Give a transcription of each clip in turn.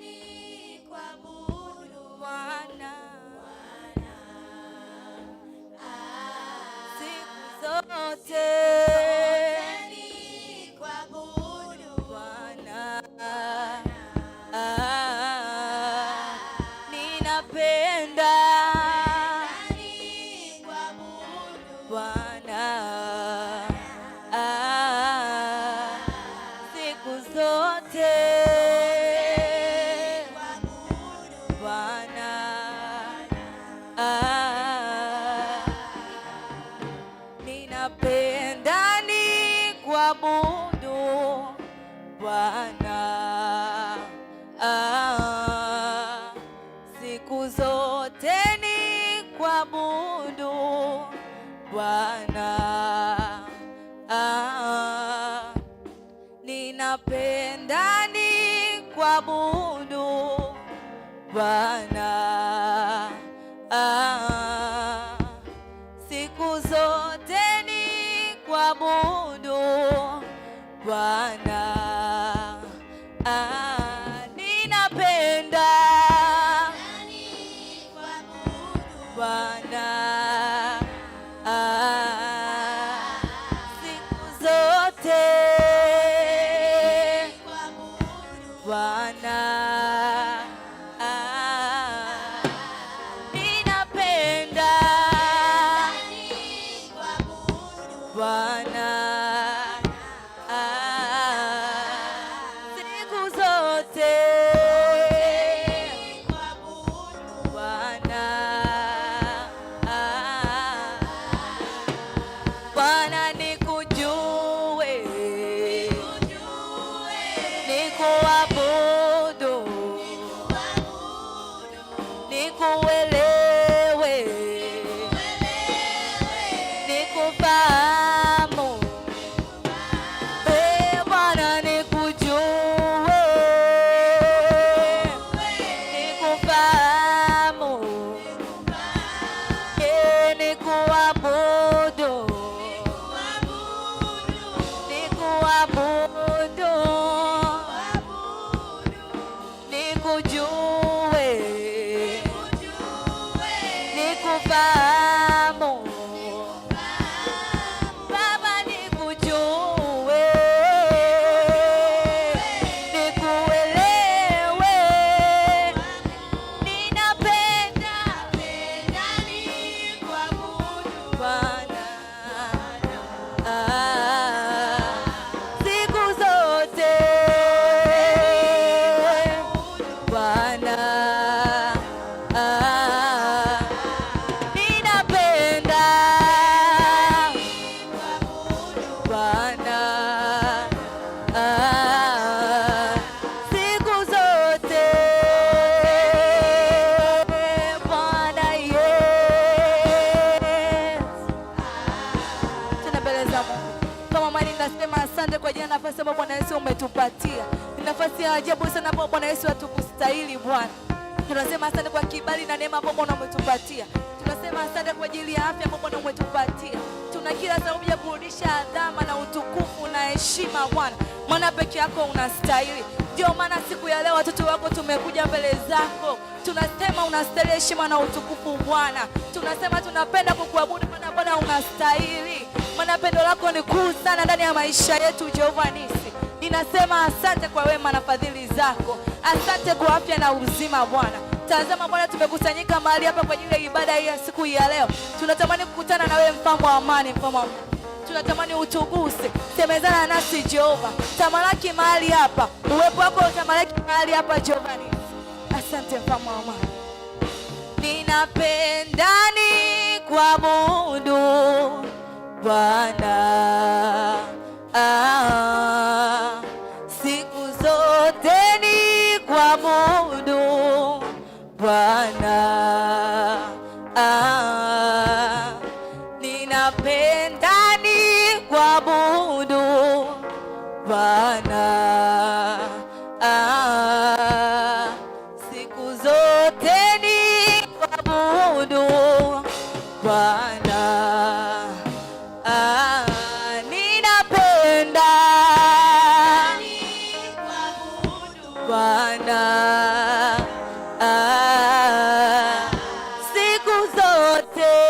siku zote pendani kuabudu Bwana ah, siku zote ni kuabudu Bwana ah, ninapendani kuabudu Bwana boy. vya ajabu sana ambao Bwana Yesu hatukustahili Bwana. Tunasema asante kwa kibali na neema ambao Bwana umetupatia. Tunasema asante kwa ajili ya afya ambao Bwana umetupatia. Tuna kila sababu ya kurudisha adhama na utukufu na heshima Bwana, maana peke yako unastahili. Ndio maana siku ya leo watoto wako tumekuja mbele zako, tunasema unastahili heshima na utukufu Bwana. Tunasema tunapenda kukuabudu maana Bwana unastahili, maana pendo lako ni kuu sana ndani ya maisha yetu Jehova Nisi Ninasema asante kwa wema na fadhili zako, asante kwa afya na uzima Bwana. Tazama Bwana, tumekusanyika mahali hapa kwa ajili ya ibada hii ya siku ya leo. Tunatamani kukutana na wewe, mfalme wa amani, mfalme wa tunatamani utuguse, semezana nasi Jehova, tamalaki mahali hapa, uwepo wako utamalaki mahali hapa Jehova. Asante mfalme wa amani. Ninapenda ni kuabudu Bwana ah. Bwana. zote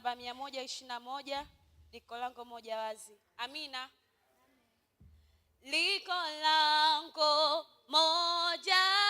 namba mia moja ishirini na moja liko lango moja wazi. Amina, liko lango moja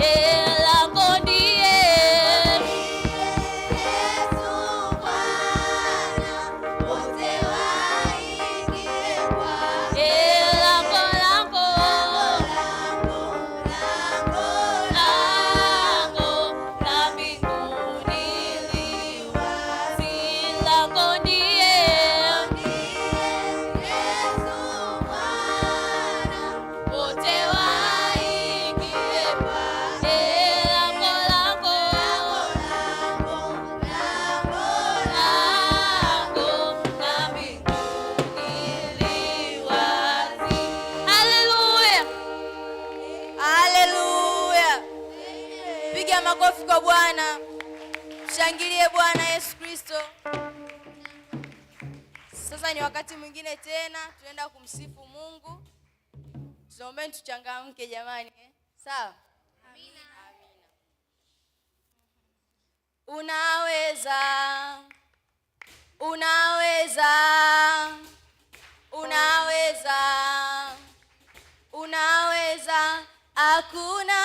Yeah. Sasa ni wakati mwingine tena tunaenda kumsifu Mungu. Tunaombeni tuchangamke jamani, eh? Sawa? Amina. Amina. Unaweza. Unaweza. Unaweza. Unaweza. Hakuna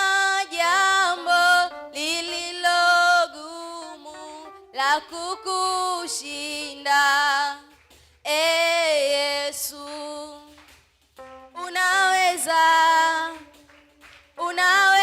jambo lililogumu la kukushinda. Ee Yesu, unaweza, unaweza.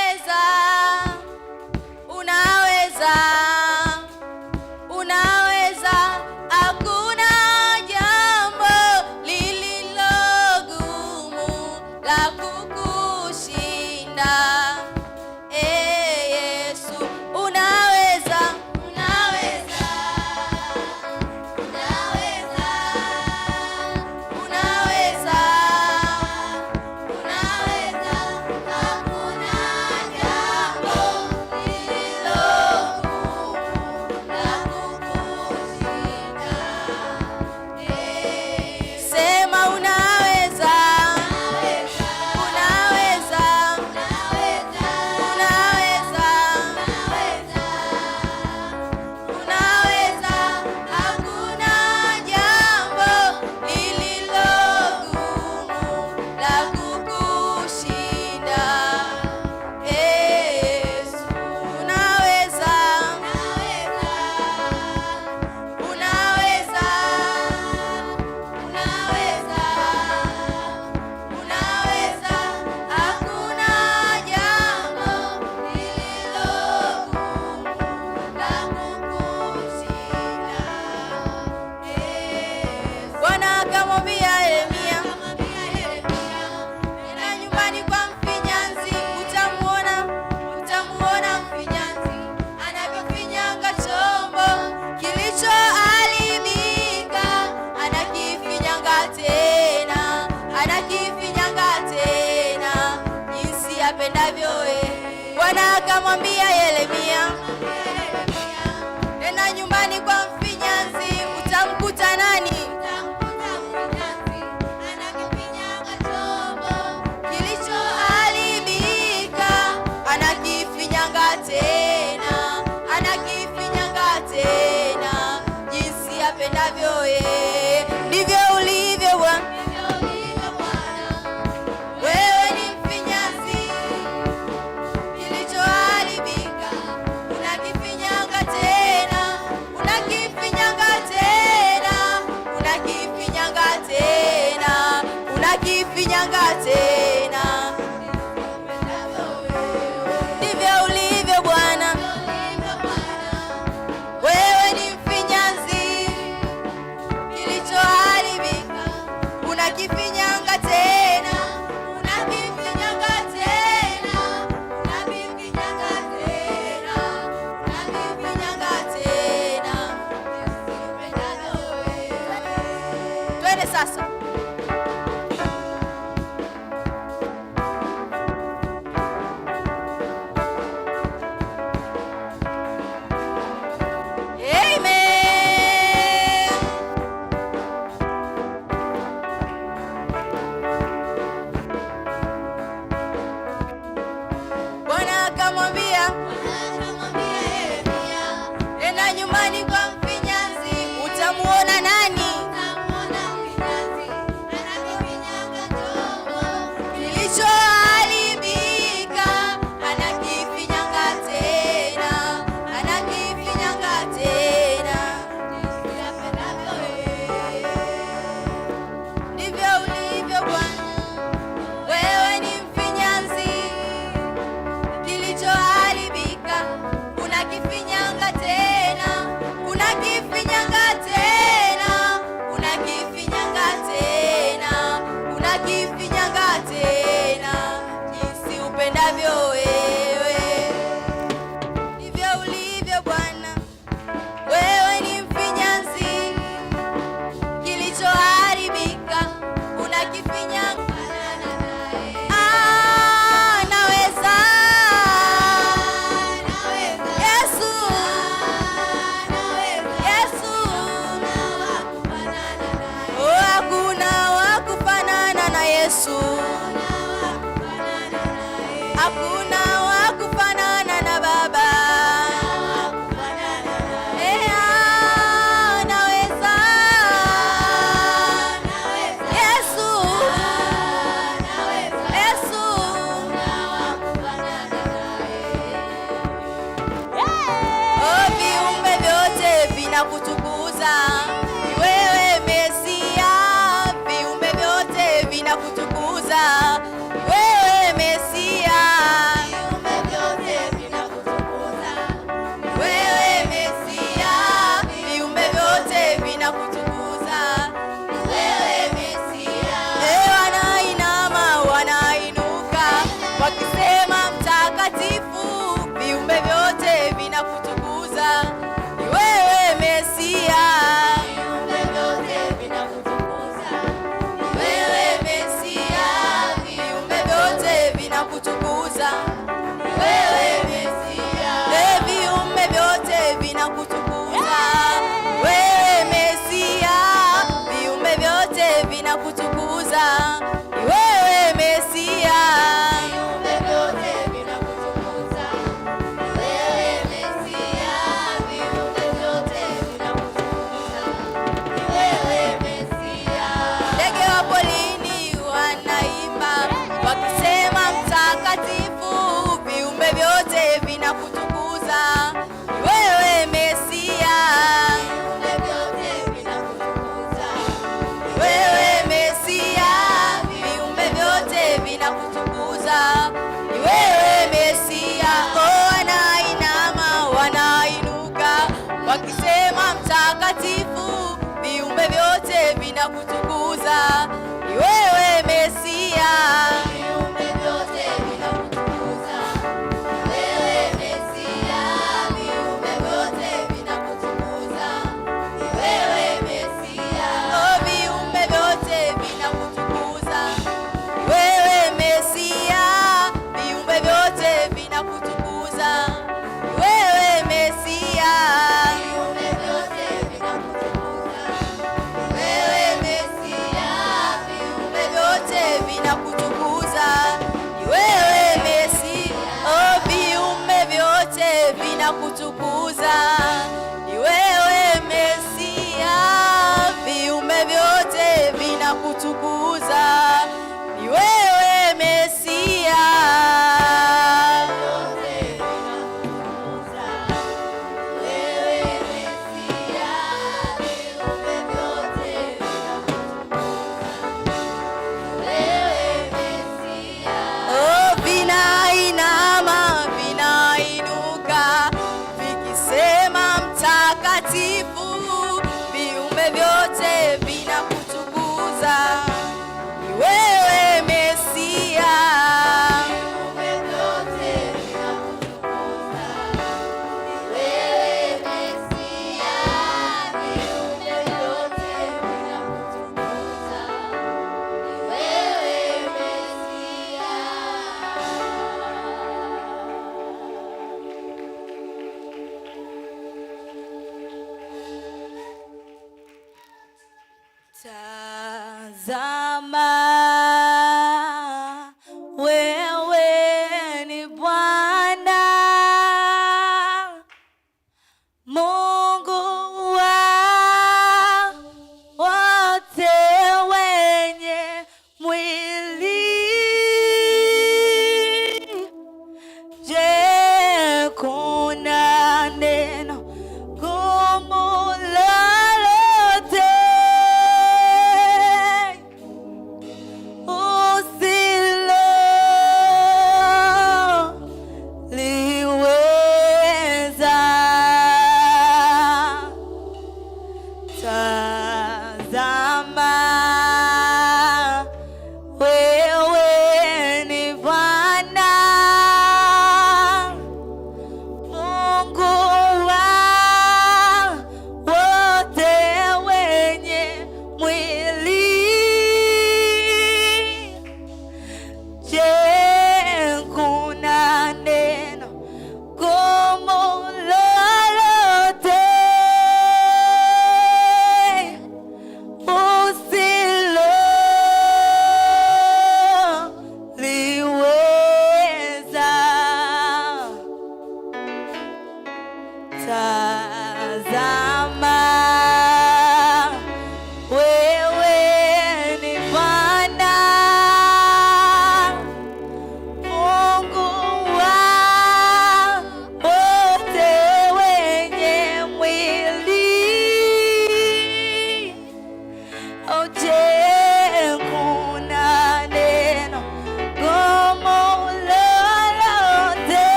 down.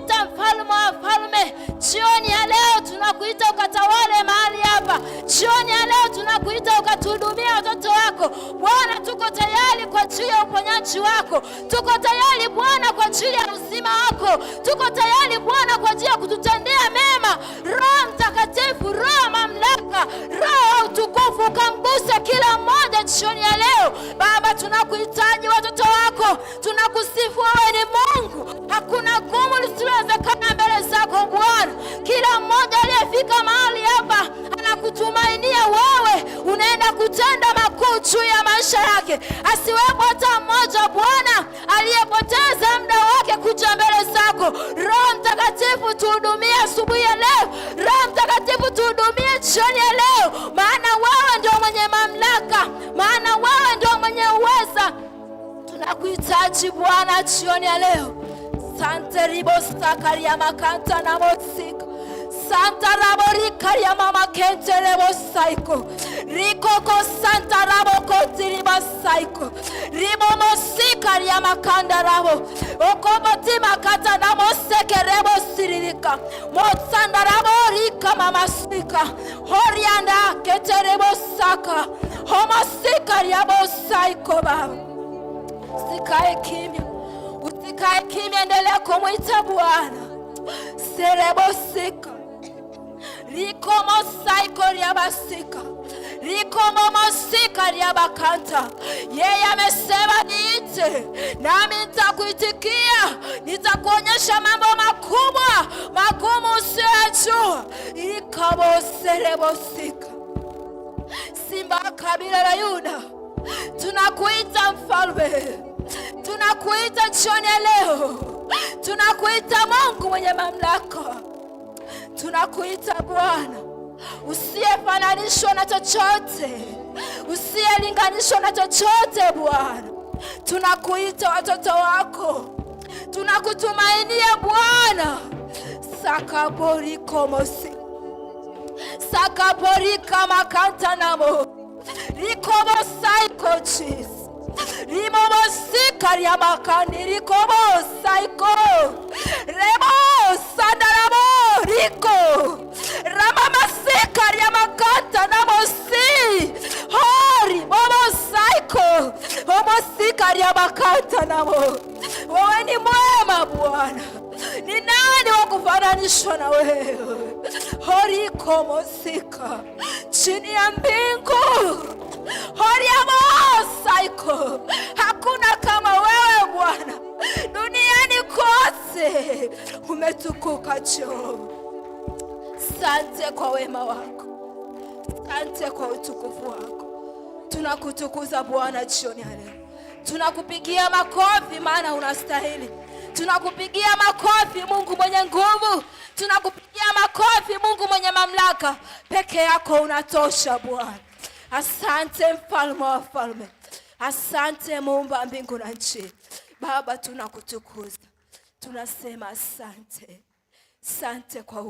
kuita mfalme wa falme. Jioni ya leo tunakuita ukatawale mahali hapa. Jioni ya leo tunakuita ukatuhudumia wako Bwana. Tuko tayari kwa ajili ya uponyaji wako, tuko tayari Bwana kwa ajili ya uzima wako, tuko tayari Bwana kwa ajili ya kututendea mema. Roho Mtakatifu, Roho mamlaka, Roho utukufu, ukamguse kila mmoja jioni ya leo. Baba, tunakuhitaji watoto wako, tunakusifu wewe ni Mungu, hakuna gumu lisilowezekana mbele zako Bwana. Kila mmoja aliyefika mahali hapa anakutumainia wewe unaenda kutenda makuu juu ya maisha yake, asiwepo hata mmoja Bwana aliyepoteza muda wake kuja mbele zako. Roho Mtakatifu, tuhudumie asubuhi ya leo. Roho Mtakatifu, tuhudumie jioni ya leo, maana wewe ndio mwenye mamlaka, maana wewe ndio mwenye uweza. Tunakuhitaji Bwana jioni ya leo. Sante ribo makanta na santa rabo rikaria mama kenterebo saiko rikoko santa rabo kotiriba saiko ribomo sikaria makanda rabo okomotima kata sekerebo siririka motsanda rabo rika mama sika horianda keterebo saka homo sikariabo saiko baba sikae kimya usikae kimya endelea kumwita Bwana serebosika likomosaikoriabasika likomomosika liabakanta. Yeye amesema niite, nami nitakuitikia, nitakuonyesha mambo makubwa magumu usiyoyajua. likaboserebosika Simba kabila la Yuda, tunakuita mfalme, tunakuita jioni leo, tunakuita Mungu mwenye mamlaka. Tunakuita Bwana, usiyefananishwa na chochote, usiyelinganishwa na chochote. Bwana, tunakuita watoto wako, tunakutumainia Bwana. sakaborikomosi kama makanta namo rikomosaikochis rimomosikariamakanirikobosaiko remosanaramo riko ramamasikariamakatanamosi hori momosaiko homosikariamakatanamo wewe ni mwema Bwana, ni nani wa kufananishwa na wewe? horiko mosika chini ya mbingu holiamosaiko, hakuna kama wewe Bwana duniani kote, umetukuka Jehova. Sante kwa wema wako, sante kwa utukufu wako. Tunakutukuza Bwana jioni ya leo, tunakupigia makofi maana unastahili. Tunakupigia makofi Mungu mwenye nguvu, tunakupigia makofi Mungu mwenye mamlaka. Peke yako unatosha Bwana. Asante mfalme wa falme, asante muumba mbingu na nchi. Baba, tunakutukuza tunasema asante, asante kwa